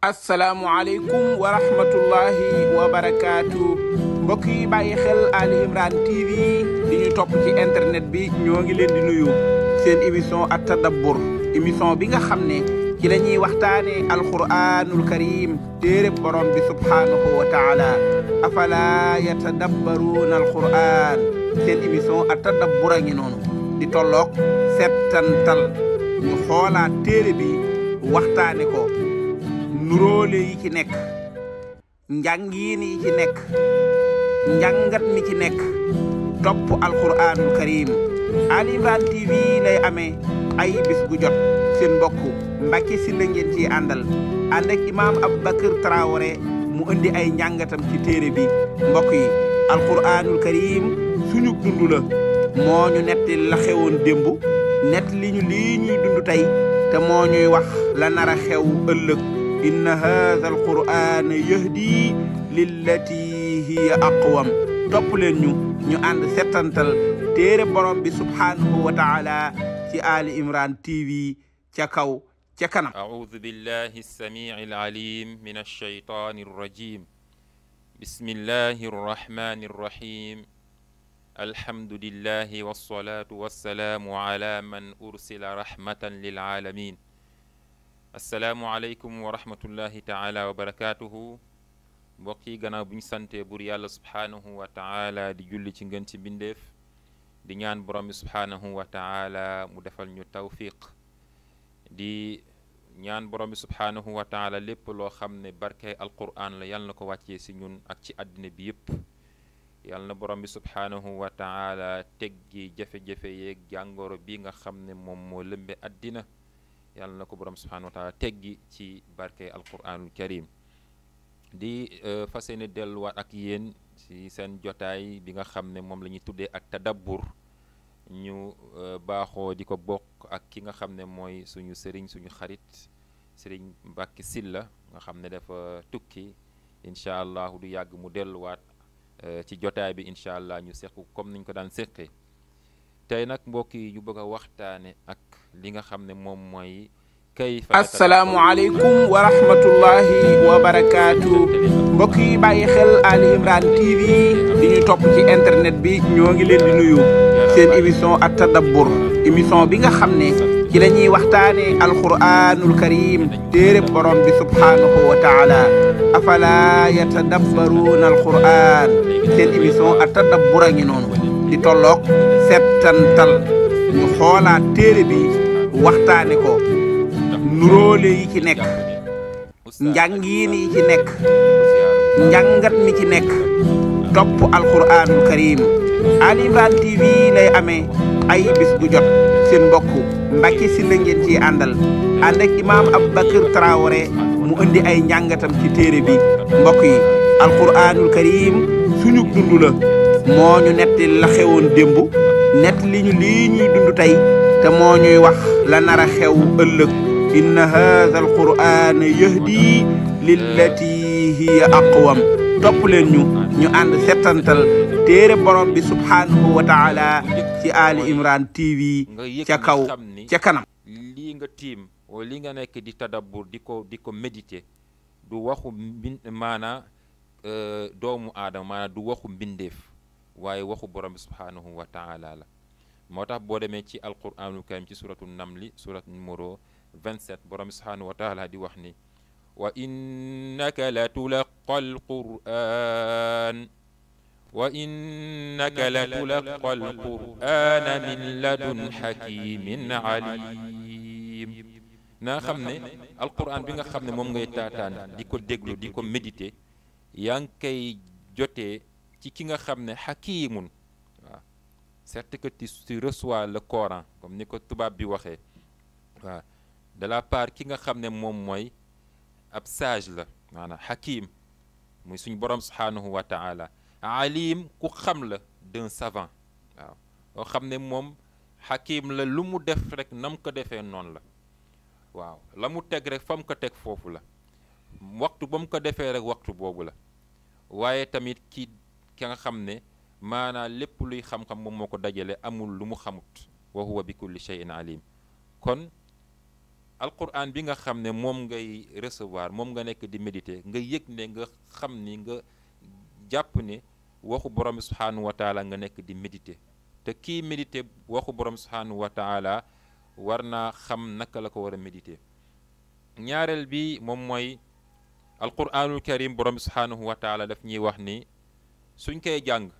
asalaamualeykum wa rahmatullahi wa barakaatu mbokk yi bàyyi xel Ali Imran TV di ñu ci internet bi ñoo ngi leen di nuyu seen émission at tadabbur émission bi nga xam ne ci la ñuy waxtaane alquranul karim téereb borom bi subhaanahu wa taala afala yatadabbaruuna alquran seen émission at tadabbur a ngi noonu di tolloog settantal ñu xoolaat téere bi waxtaane ko nuróole yi ci nekk njàngiin yi ci nekk njàngat mi ci nekk topp alquranul karim Ali Imran TV lay amee ay bis gu jot seen mbokk Mbacke Sylla ngeen ciy àndal ànd ak imaam Aboubacar Traoré mu indi ay njàngatam ci téere bi mbokk yi alquranul karim suñu dund la moo ñu netti la xewoon démb nett li ñu lii ñuy dund te moo ñuy wax la nar a xew ëllëg inna hadha alqur'ana yahdi lillati hiya aqwam topp leen ñu ñu ànd settantal téere borom TV ca kaw ca kanam a'udhu billahi as-sami'il alim minash shaytanir rajim bismillahir rahmanir rahim alhamdulillahi was salatu was salamu ala man asalaamualeykum wa rahmatullahi taala wa barakaatuhu mbokk yi gannaaw bu ñu santee bur yàlla subhaanahu wa di julli ci ngën ci bindeef di ñaan borom bi subhaanahu wa mu defal ñu tawfiq di ñaan borom bi subhaanahu wa taala lépp loo xam ne barke alquran la yàlla ko wàccee si ñun ak ci àddina bi yépp yàlla na borom bi subhaanahu wa taala teggi jafe-jafe yeeg jàngoro bi nga xam ne moom moo lëmbe àddina yàlla na ko borom subhanahu wa taala teggi ci barke alquranul karim di euh, fa yéene delluwaat ak yéen ci seen jotaay bi nga xam ne moom la ñuy tuddee ak tadabbur ñu euh, baaxoo di ko bokk ak ki nga xam ne mooy suñu sëriñ suñu xarit sëriñ Mbàkke Silla nga xam ne dafa tukki incha allah du yàgg mu delluwaat euh, ci jotaay bi incha allah ñu sequ comme niñ ko daan seqee tey nag mbokk ñu bëgg waxtaane ak li nga xam ne moom mooy kay asalaamualeykum wa rahmatullahi barakaatu mbokk yi bàyyi xel Ali Imran TV di ñu topp ci internet bi ñoo ngi leen di nuyu seen émission at tadabbur émission bi nga xam ne ci la ñuy waxtaane alquranul karim téereb borom bi subhaanahu wa taala afala yatadabbaruuna alquran seen émission at tadabbur a ngi noonu di tolloog settantal ñu xoolaat téere bi waxtaane ko nuróole yi ci nekk njàngiin yi ci nekk njàngat mi ci nekk topp alquraanul karim Ali Imran TV lay amee ay bis bu jot seen mbokk Mbacke ci ngeen ciy àndal ànd ak imaam Aboubacar Traoré mu indi ay njàngatam ci téere bi mbokk alquraanul karim suñu dund la moo ñu netti la xewoon démb net li ñu lii ñuy dund tey te moo ñuy wax la nar a xew ëllëg inna haadha al qur'ana yahdi lillati hiya aqwam topp leen ñu ñu ànd settantal téere borom bi subhaanahu wa taala ci Ali Imran TV ca kaw ca lii nga tiim o li nga nekk di tadabbur di ko di ko méditer du waxu maana euh, doomu aadama du waxu mbindeef waaye waxu borom bi subhaanahu wa taala la moo tax boo demee ci alquraanul ci suratu namli surat numéro 27 borom bi subhaanahu wa taala di wax ni wa innaka la la tulaqa alqurana min ladun hakimin alim naa xam ne alquran bi nga xam ne moom ngay taataan di ko déglu di ko méditer yaa ngi koy ci ki nga xam ne xakiimun waaw certes que tu tu reçois le Coran comme ni ko tubaab bi waxee waaw de la part ki nga xam ne moom mooy ab sage la maanaa xakim muy suñ borom subhaanahu wa taala alim ku xam la d'un savant waaw loo xam ne moom xakim la lu mu def rek nam ko defee noonu la waaw la mu teg rek fa mu ko teg foofu la waxtu ba mu ko defee rek waxtu boobu la waaye tamit ki ki nga xam ne maanaa lépp luy xam-xam moom moo ko dajale amul lu mu xamut wa huwa bi kulli shay'in alim kon alquran bi nga xam ne moom ngay recevoir moom nga nekk di médité nga yëg ne nga xam ni nga jàpp ne waxu borom bi subhaanahu nga nekk di médité te kii méditer waxu borom bi subhaanahu wa war naa xam naka la ko war médité ñaareel bi moom mooy alquranul karim borom bi subhaanahu wa taala daf ñuy wax ni suñ koy jàng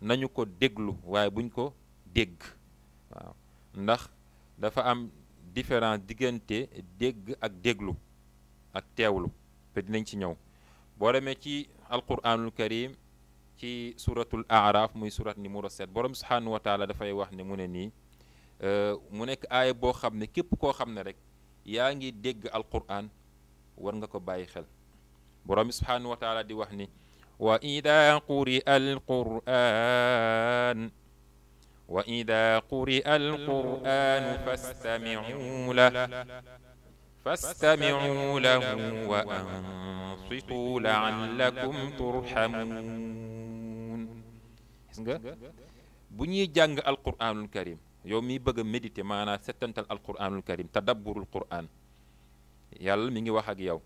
nañu ko déglu waaye buñ ko dégg waaw ndax dafa am différence diggante dégg ak déglu ak teewlu te dinañ ci ñëw boo demee ci alquranul karim ci suratul aaraaf muy surat numéro 7 borom subhaanahu wa taala dafay wax ni mu ne nii euh, mu nekk aaya boo xam ne képp koo xam ne rek yaa ngi dégg alquran war nga ko bàyyi xel borom subhaanahu wa taala di wax ni وإذا قرئ القرآن وإذا قرئ القرآن فاستمعوا له فاستمعوا له وأنصتوا لعلكم ترحمون gis nga bu ñuy jàng alquranul karim yow mi bëgg a méditer maanaam settantal alquranul karim tadabburul quran yàlla mi ngi wax ak yow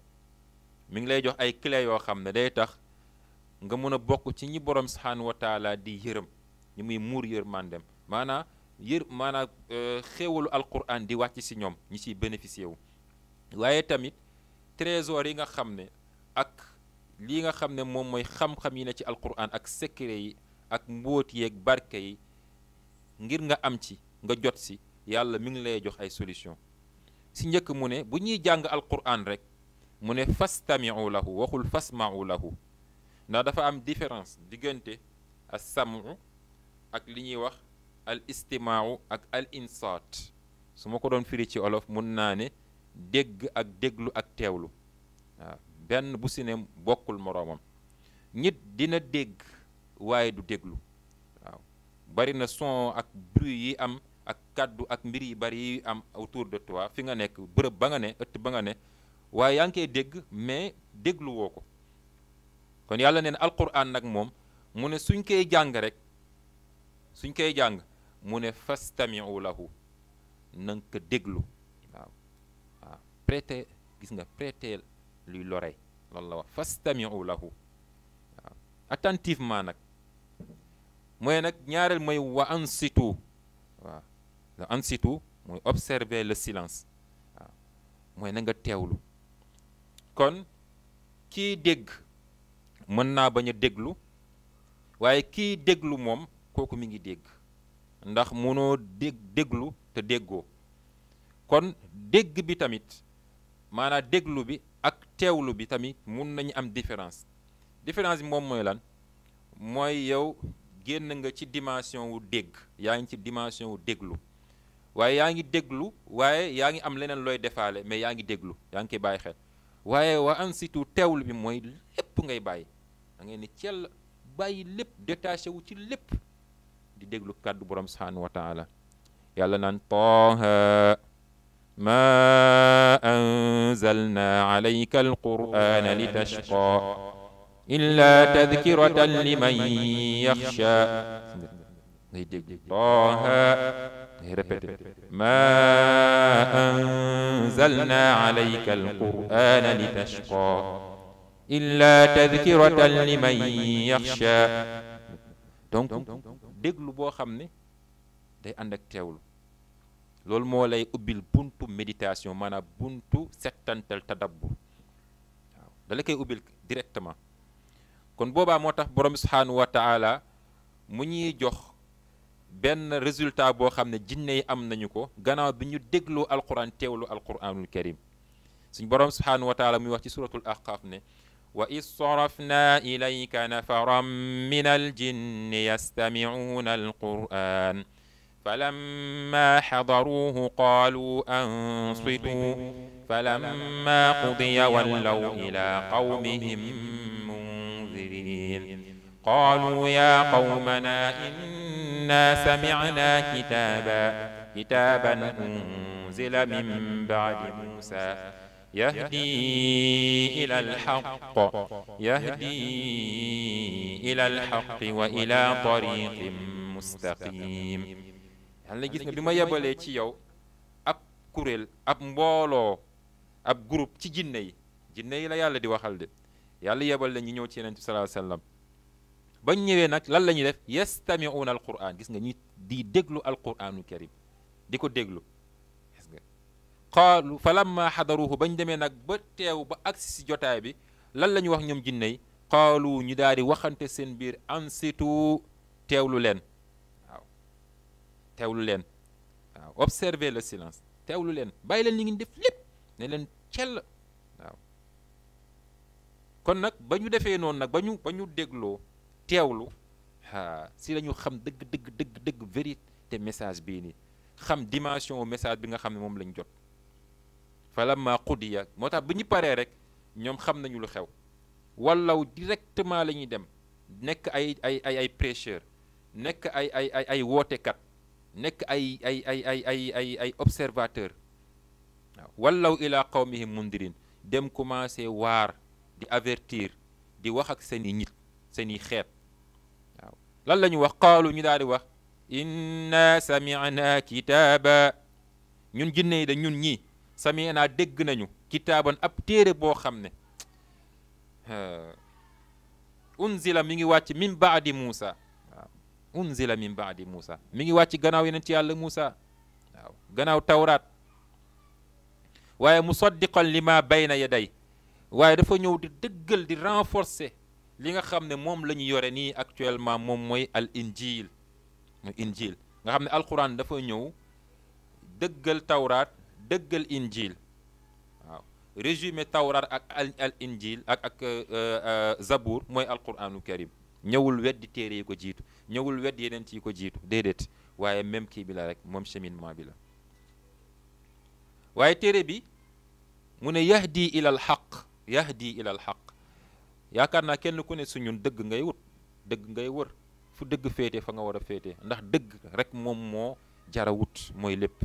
mi ngi lay jox ay clé yoo xam ne day tax nga mën a bokk ci ñi borom subhaanahu wa di yërëm ñu muy muur yërmandem maanaa yër maanaa euh, xéewalu alquran di wàcc si ñoom ñi ciy bénéficié wu waaye tamit trésor yi nga xam ne ak li nga xam ne moom mooy xam-xam yi ne ci alquran ak secret yi ak mbóot yeeg barke yi ngir nga am ci nga jot si yàlla mi ngi lay jox ay solution si njëkk mu ne bu ñuy jàng alquran rek mu ne fastamiu lahu waxul fasmau lahu ndax dafa am différence diggante as samu ak li ñuy wax al istimaawu ak al insaat su ma ko doon firi ci olof mun naa ne dégg ak déglu ak teewlu waaw benn bu si bokkul moroomam ñit dina dégg waaye du déglu waaw bari na son ak bruit yi am ak kàddu ak mbir yi bari yi am autour de toit fi nga nekk bërëb ba nga ne ëtt ba nga ne waaye yaa ngi koy dégg mais dégluwoo ko kon yàlla neen alquran nag moom mu ne suñ koy jàng rek suñ koy jàng mu ne fastamiu lahu na ko déglu waaw waaw gis nga prêter luy l'oreille loolu la wax fastamiu lahu waaw attentivement nag mooy nag ñaareel mooy wa ansitu waaw la ansitu mooy observer le silence waaw mooy na nga teewlu kon kii dégg mën naa bañ a déglu waaye kii déglu moom kooku mu ngi dégg ndax munoo dégg déglu te déggoo kon dégg bi tamit maanaa déglu bi ak teewlu bi tamit mun nañu am différence différence bi moom mooy lan mooy yow génn nga ci dimension wu dégg yaa ngi ci dimension wu déglu waaye yaa ngi déglu waaye yaa ngi am leneen looy defaale mais yaa ngi déglu yaa ngi koy bàyyi xel waaye waa ansitu teewlu bi mooy lépp ngay bàyyi da ngay ne cell bàyyi lépp détaché wu ci lépp di déglu kàddu borom subhaanahu wa taala yàlla naan taaha ma anzalna alayka alqur'ana litashqa illa tadkiratan liman yaxsha ngay déglu taaha ngay répété ma anzalna alayka alqur'ana litashqa illa tadkiratan liman yaxsha donc déglu boo xam ne day ànd ak teewlu loolu moo lay ubbil buntu méditation maanaam buntu settantal tadabbur waaw koy ubbil directement kon boobaa moo tax borom bi subhaanahu mu ñuy jox benn résultat boo xam ne jinne yi am nañu ko gannaaw bi ñu déglu alquran teewlu alquranul karim suñ borom subhaanahu wa muy wax ci suratul ahqaaf ne وإذ صرفنا إليك نفرا من الجن يستمعون القرآن فلما حضروه قالوا أنصتوا فلما قضي ولوا إلى قومهم منذرين قالوا يا قومنا إنا سمعنا كتابا كتابا أنزل من بعد موسى يهدي إلى الحق يهدي إلى الحق وإلى طريق مستقيم yàlla na gis nga bi ma yebalee ci yow ab kuréel ab mbooloo ab groupe ci jinne yi jinne yi la yàlla di waxal de yàlla yebal la ñu ñëw ci yonent bi sallallahu alayhi wasallam bañ ñëwee nag lan la ñuy def yastami'una alquran gis nga ñuy di déglu alquranul karim di ko déglu qaalu fa lamma xadaruhu bañ demee nag ba teew ba agsi si jotaay bi lan la ñu wax ñoom jinne yi qaalu ñu daal di waxante seen biir ansitu teewlu leen waaw teewlu leen waaw observer la silence teewlu leen bàyyi leen li ngi def lépp ne leen cell waaw kon nag ba ñu defee noonu nag ba ñu ba ñu dégloo teewlu a si lañu xam dëgg dëgg dëgg dëgg vérité message bii nii xam dimension message bi nga xam ne moom lañ jot falamma qudiya moo tax bu ñu paree rek ñoom xam nañu lu xew wallaw directement la ñuy dem nekk ay ay ay ay prêcheur nekk ay ay ay ay wootekat nekk ay ay ay ay ay ay ay observateur waaw wallaw ila qawmihim mundirin dem commencé waar di avertir di wax ak seen i nit seen xeet waaw lan la ñu wax qaalu ñu daal di wax inna sami'na kitaaba ñun jinne yi da ñun ñii sami naa dégg nañu kitaaban ab téere boo xam ne euh, unzila mi ngi wàcc min baadi Muusa waaw unzila min baadi Muusa mi ngi wàcc gannaaw yeneen ci yàlla Muusa gannaaw tawraat waaye musaddiqan li ma bayna yaday waaye dafa ñëw di dëggal di renforcer li nga xam ne moom la ñu yore nii actuellement moom mooy al injil muy injil nga xam ne alquran dafa ñëw dëggal tawraat dëggal injil waaw résumé tawraat ak al injil ak ak euh, euh, zabour mooy alquranu karim ñëwul weddi téere yi ko jiitu ñëwul weddi yeneen yi ko jiitu déedéet waaye même kii bi la rek moom cheminement bi la waaye téere bi mu ne yahdi ilal xaq yahdi ilal xaq yaakaar naa kenn ku ne su ñun dëgg ngay wut dëgg ngay wër fu dëgg féete fa nga war a féete ndax dëgg rek moom moo jara wut mooy lépp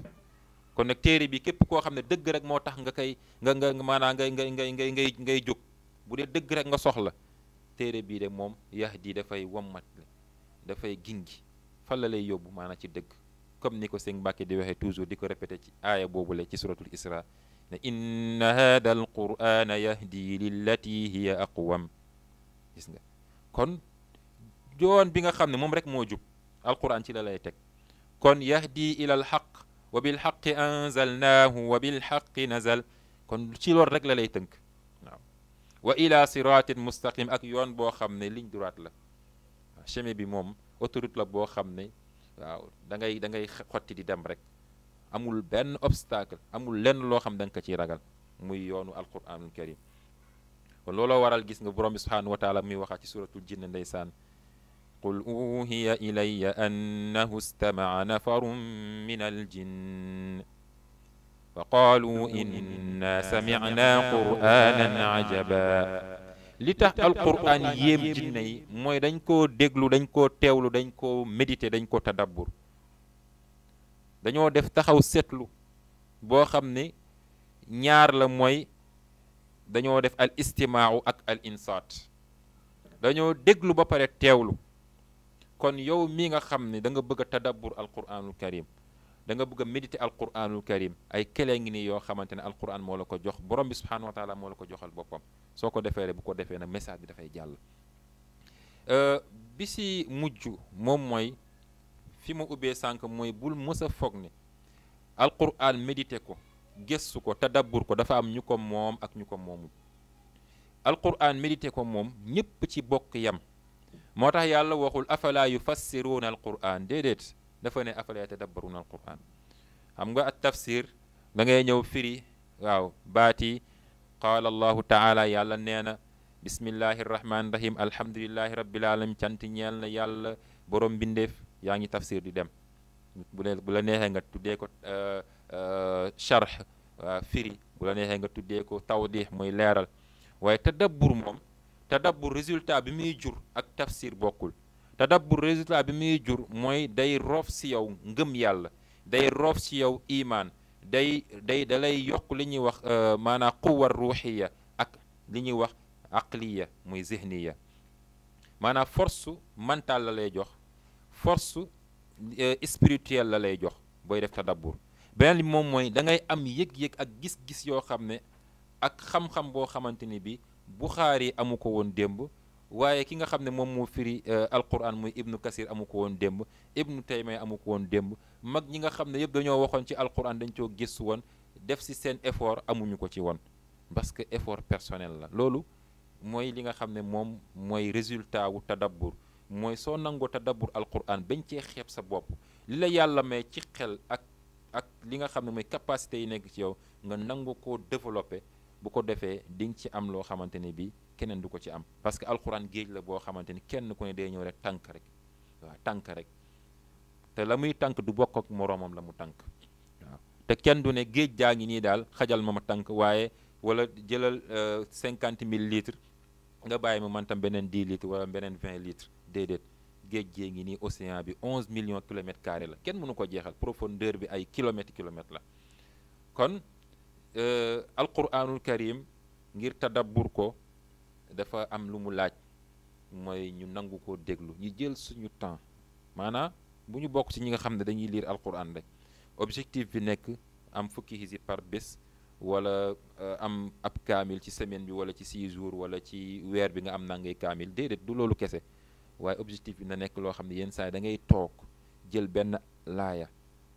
kon nag téere bi képp koo xam ne dëgg rek moo tax nga koy nga nga ngay ngay ngay ngay ngay ngay jóg bu dee dëgg rek nga soxla téere bii de moom yahdi dafay la dafay gingi fan la lay yóbbu maanaam ci dëgg comme ni ko sëñ Mbàkke di waxee toujours di ko répété ci aaya boobule ci suratul isra ne inna hada al qurana yahdi lillati hiya aqwam gis nga kon yoon bi nga xam ne moom rek moo jub alquran ci la lay teg kon yahdi ila al wa bil haqqi anzalnaahu wa bil haqqi nazal kon ci loolu rek la lay tënk waaw wa ila siratin mustaqim ak yoon boo xam ne ligne droite la waaw chemin bi moom autoroute la boo xam ne waaw da ngay da ngay xotti di dem rek amul benn obstacle amul lenn loo xam da nga ko ciy ragal muy yoonu alquranul karim kon looloo waral gis nga borom bi subhanahu wa taala muy waxaat ci suratul jinn ndeysaan قل أوهي إلي أنه استمع نفر من الجن فقالوا إنا سمعنا قرآنا عجبا li alquran yéem jinne mooy dañ koo déglu dañ koo teewlu dañ koo médité dañ ko tadabbur dañoo def taxaw seetlu boo xam ne ñaar la mooy dañoo def al istimaaw ak al insaat dañoo déglu ba pare teewlu kon yow mii nga xam ne da nga bëgg a tadabbur alquranul karim da nga bëgg a méditer alquranul karim ay kelee ngi nii yoo xamante ne alquran moo la ko jox borom bi subhanahu wa taala moo la ko joxal boppam soo ko defee rek bu ko defee na message bi dafay jàll euh, bi si mujj moom mooy fi ma ubbee sànq mooy bul mës a foog ne alquran méditer ko gëstu ko tadabbur ko dafa am ñu ko moom ak ñu ko moomu alquran méditer ko moom ñépp ci bokk yam moo tax yàlla waxul afala yufassiruuna al quran déedéet dafa ne afala yatadabbaruuna al quran xam nga at tafsir da ngay ñëw firi waaw baati qaala allahu taala yàlla nee na bismillahi rahmaani rahim alhamdulilahi rabbil alamin cant ñeel na yàlla borom mbindeef yaa ngi tafsir di dem bu lee la neexee nga tuddee ko charx euh, euh, firi bu la neexee nga tuddee ko tawdix mooy leeral waaye tadabbur moom tadabbur résultat bi muy jur ak tafsir bokkul tadabbur résultat bi muy jur mooy day roof si yow ngëm yàlla day roof si yow imaan day day dalay yokk li ñuy wax euh, maanaam quwa ruuxiya ak li ñuy wax aqliya muy zihniya maanaam force mentale la lay jox force euh, spirituelle la lay jox booy def tadabbur beneen li moom mooy da ngay am yëg-yëg ak gis-gis yoo xam ne ak xam-xam boo xamante ni bi Buxaari amu ko woon démb waaye ki nga xam ne moom moo firi euh, alquran muy ibnu kasir amu ko woon démb ibnu taymiya amu ko woon démb mag ñi nga xam ne yëpp dañoo waxoon ci alquran dañ coo gis woon def si seen effort amuñu ko ci woon parce que effort personnel la loolu mooy li nga xam ne moom mooy résultat wu tadabbur mooy soo nangoo tadabbur alquran bañ cee xeeb sa bopp li la yàlla may ci xel ak ak li nga xam ne mooy capacité yi nekk ci yow nga nangu ko développé bu ko defee di nga ci am loo xamante ne bii keneen du ko ci am parce que alxuraan géej la boo xamante ni kenn ko ne dee ñëw rek tànk rek waaw tànk rek te la muy tànk du bokk ak moroomam la mu tànk waaw te kenn du ne géej jaa ngi nii daal xajal ma ma tànk waaye wala jëlal euh, cinquante mille litres nga bàyyi ma man tam beneen dix litres wala beneen vingt litres déedéet géej gée ngi nii océan bi onze million kilomètres carrés la kenn mënu ko jeexal profondeur bi ay kilomètres kilomètres la Euh, alquranul karim ngir tadabbur ko dafa am lu mu laaj mooy ñu nangu ko déglu ñu jël suñu temps maanaam bu ñu bokk ci ñi nga xam ne dañuy lire alquran rek objectif bi nekk am fukki hizib par bés wala euh, am ab kaamil ci semaine bi wala ci 6 jours wala ci weer bi nga am nangay kaamil déedéet du loolu kese waaye objectif bi na nekk loo xam ne yenn saa yi da ngay toog jël benn laaya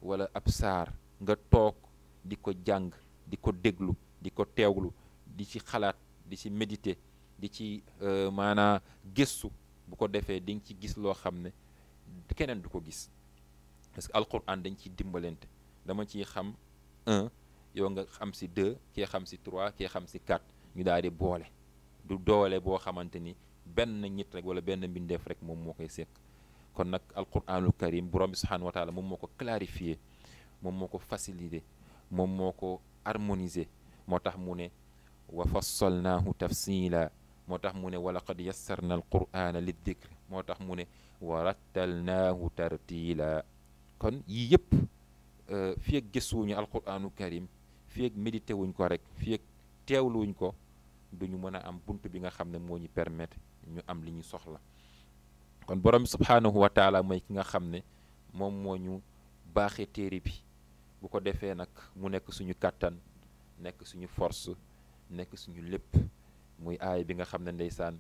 wala ab saar nga toog di ko jàng di ko déglu di ko teewlu di ci xalaat di ci médité di ci euh, maanaa gëstu bu ko defee di nga ci gis loo xam ne keneen du ko gis parce que alquran dañ ci dimbalante dama ciy xam un yow nga xam si deux kee xam si trois kee xam si quatre ñu daal di boole du doole boo xamante ni benn nit rek wala benn mbindeef rek moom moo koy seq kon nag alquranul karim borom bi subhanahu wa taala moom moo ko clarifier moom moo ko faciliter moom moo ko harmoniser moo tax mu ne wa fassalnaahu tafsila moo tax mu ne wa laqad yassarna alqurana liddikr moo tax mu ne wa rattalnaahu tartila kon yii yëpp euh, fii ak gëstuwuñu alquranu karim fii ak médité wuñ ko rek fii ak teewluwuñ ko duñu mën a am bunt bi nga xam ne moo ñu permettre ñu am li ñu soxla kon borom bi subhaanahu mooy ki nga xam ne moom moo ñu baaxe téere bi bu ko defee nag mu nekk suñu kàttan nekk suñu force nekk suñu lépp muy aay bi nga xam ne ndeysaan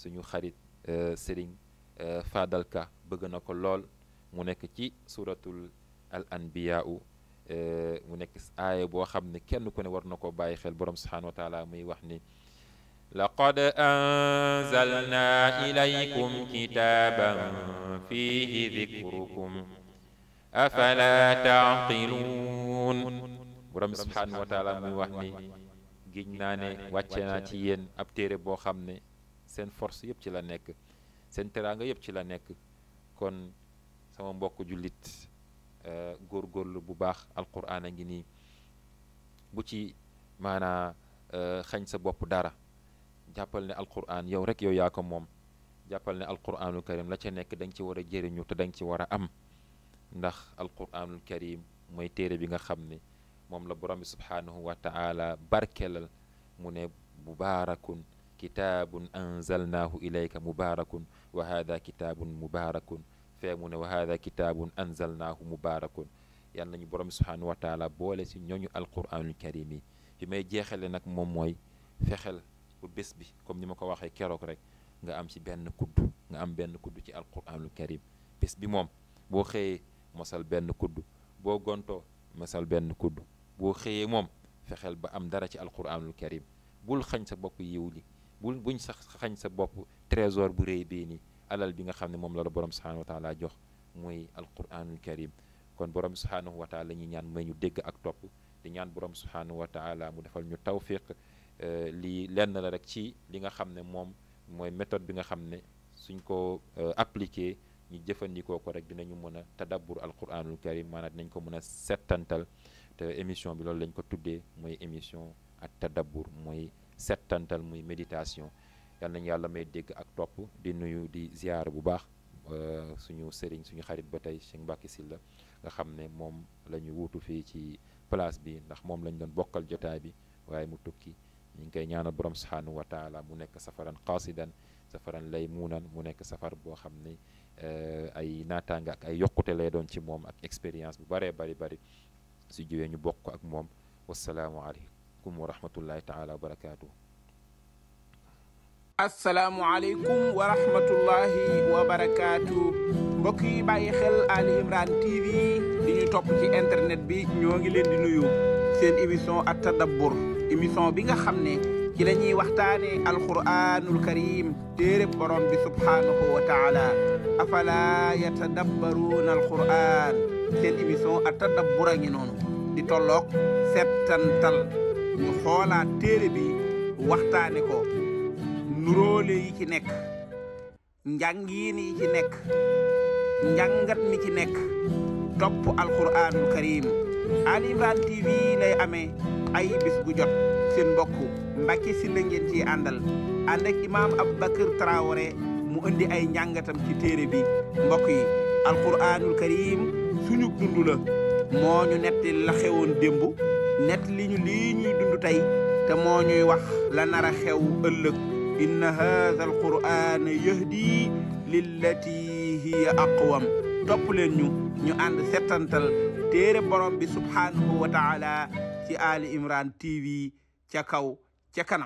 suñu xarit euh, sëriñ euh, Fadal bëgg na ko lool mu nekk ci suuratul al anbiyaau euh, mu nekk aaya boo xam ne kenn ku ne war na ko bàyyi xel borom subhaanahu wa muy wax ni laqad anzalna ilaykum kitaaban fiihi dikrukum afala taaqiluun borom bi subhaanahu wa taala muy wax ni naa ne wàcce naa ci yéen ab téere boo xam ne seen force yëpp ci la nekk seen teraanga yëpp ci la nekk kon sama mbokk jullit góorgóorlu bu baax alquran a ngi nii bu ci maanaa xañ sa bopp dara jàppal ne alquran yow rek yow yaa ko moom jàppal ne alquranul karim la ca nekk da nga ci war a jëriñu te da ci war a am ndax alquranul karim mooy téere bi nga xam ne moom la borom bi subhaanahu wa taala barkelal mu ne mubaarakun kitaabun anzalnaahu ilayka mubaarakun wa haada kitaabun mubaarakun fee mu ne wa haada kitaabun anzalnaahu mubaarakun yàlla nañu borom bi subhaanahu wa taala boole si ñooñu alquranul karim yi fi may jeexale nag moom mooy fexeel bu bés bi comme ni ma ko waxee keroog rek nga am ci benn kudd nga am benn kudd ci alquranul karim bés bi moom boo xëyee mosal benn kudd boo gontoo mosal benn kudd boo xëyee moom fexeel ba am dara ci alquranul karim bul xañ sa bopp yiw li bul buñ sax xañ sa bopp trésor bu réy bii nii alal bi nga xam ne moom la la borom subhanahu wa taala jox muy alquranul karim kon borom subhanahu wa taala ñuy ñaan may ñu dégg ak topp di ñaan borom subhanahu wa taala mu defal ñu tawfiq euh, lii lenn la rek ci li nga xam ne moom mooy méthode bi nga xam ne suñ ko euh, appliqué ñu jëfandikoo ko rek dinañu mën a tadabbur alquranul karim maanaam dinañ ko mën a settantal te émission bi loolu lañ ko tuddee mooy émission ak tadabbur mooy settantal muy méditation yal nañu yàlla may dégg ak topp di nuyu di ziar bu baax euh, suñu sëriñ suñu xarit ba tey Cheikh Mbacké Sylla nga xam ne moom la ñu wuutu fii ci place bi ndax moom lañ doon bokkal jotaay bi waaye mu tukki ñu ngi koy ñaanal borom subhaanahu wa taala mu nekk safaran qaasidan safaran laymuunan mu nekk safar boo xam ne Eh, ay naataange ay yokkute lay doon ci moom ak expérience bu baree bari bari si jiwee ñu bokk ak moom wasalaamualeykum wa rahmatullahi taala wa barakaatu. asalaamualeykum wa rahmatullahi wa barakaatu xel Ali Imran TV di ñu ci internet bi ñoo ngi leen di nuyu seen émission at tadabbur émission bi nga xam ne. ci la ñuy waxtaane alquranul karim téereb borom bi subhaanahu wa taala afala yatadabbaruuna alquran seen émission a tadabbur ngi noonu di tolloog settantal ñu xoolaat téere bi waxtaane ko nuróole ci nekk njàngiin yi ci nekk njàngat mi ci nekk topp alquranul karim Ali Imran TV lay amee ay bis gu jot seen mbokk Mbacke Sylla ngeen ciy àndal ànd ak imaam Aboubacar Traoré mu indi ay njàngatam ci téere bi mbokk yi alquranul karim suñu dund la moo ñu netti la xewoon démb nett li ñu ñuy dund tey te moo ñuy wax la nar a xew ëllëg inna haadha alquran yahdi lillati hiya aqwam topp leen ñu ñu ànd settantal téere borom bi subhanahu wa ci Ali Imran TV ca kaw ca kanam